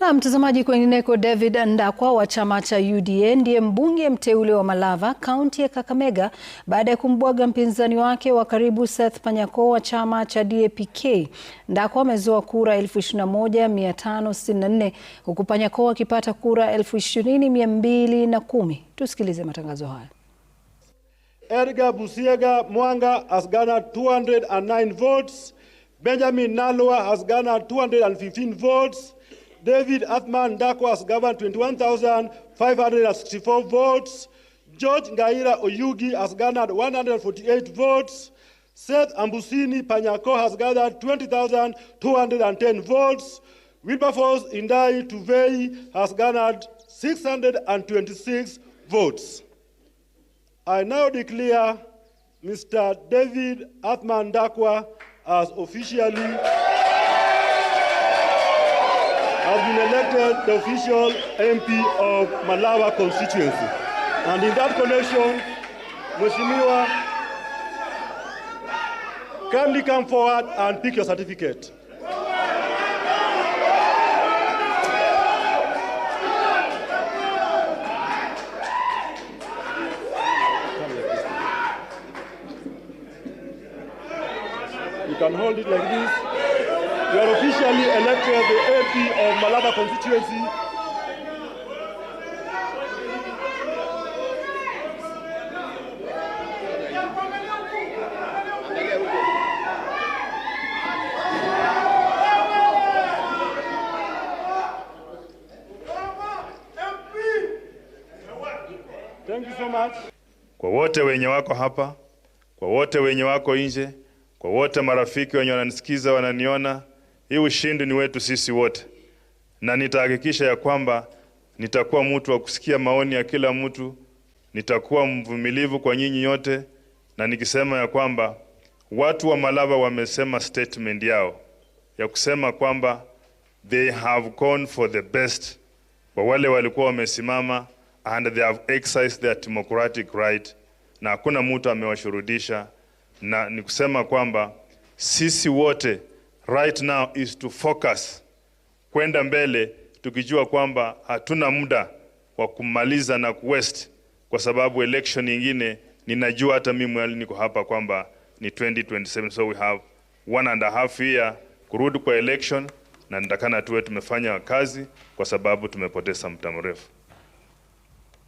Na mtazamaji, kwengineko, David Ndakwa wa chama cha UDA ndiye mbunge mteule wa Malava, kaunti ya Kakamega baada ya kumbwaga mpinzani wake wa karibu Seth Panyako wa chama cha dapk Ndakwa amezoa kura 21564 huku Panyako akipata kura 20210. Tusikilize matangazo haya. Edgar Busiega Mwanga has garnered 209 votes. Benjamin Nalwa has garnered 215 votes. David Athman Dakwas garnered 21,564 votes. George Ngaira Oyugi has garnered 148 votes. Seth Ambusini Panyako has gathered 20,210 votes. Wilberforce Indai Tuvei has garnered 626 votes. I now declare Mr. David Athman Dakwa as officially been elected the official MP of Malawa constituency. And in that connection, Mweshimiwa, kindly come forward and pick your certificate. You can hold it like this. You are officially elected the MP of Malaba constituency. Thank you so much. Kwa wote wenye wako hapa, kwa wote wenye wako nje, kwa wote marafiki wenye wananisikiza, wananiona hii ushindi ni wetu sisi wote, na nitahakikisha ya kwamba nitakuwa mtu wa kusikia maoni ya kila mtu, nitakuwa mvumilivu kwa nyinyi yote, na nikisema ya kwamba watu wa Malava wamesema statement yao ya kusema kwamba they have gone for the best, kwa wale walikuwa wamesimama and they have exercised their democratic right, na hakuna mtu amewashurudisha, na nikusema kwamba sisi wote right now is to focus kwenda mbele, tukijua kwamba hatuna muda wa kumaliza na kuwaste, kwa sababu election nyingine ninajua hata mimi mwali niko hapa kwamba ni 2027 so we have one and a half year kurudi kwa election, na nitakana tuwe tumefanya kazi, kwa sababu tumepoteza muda mrefu.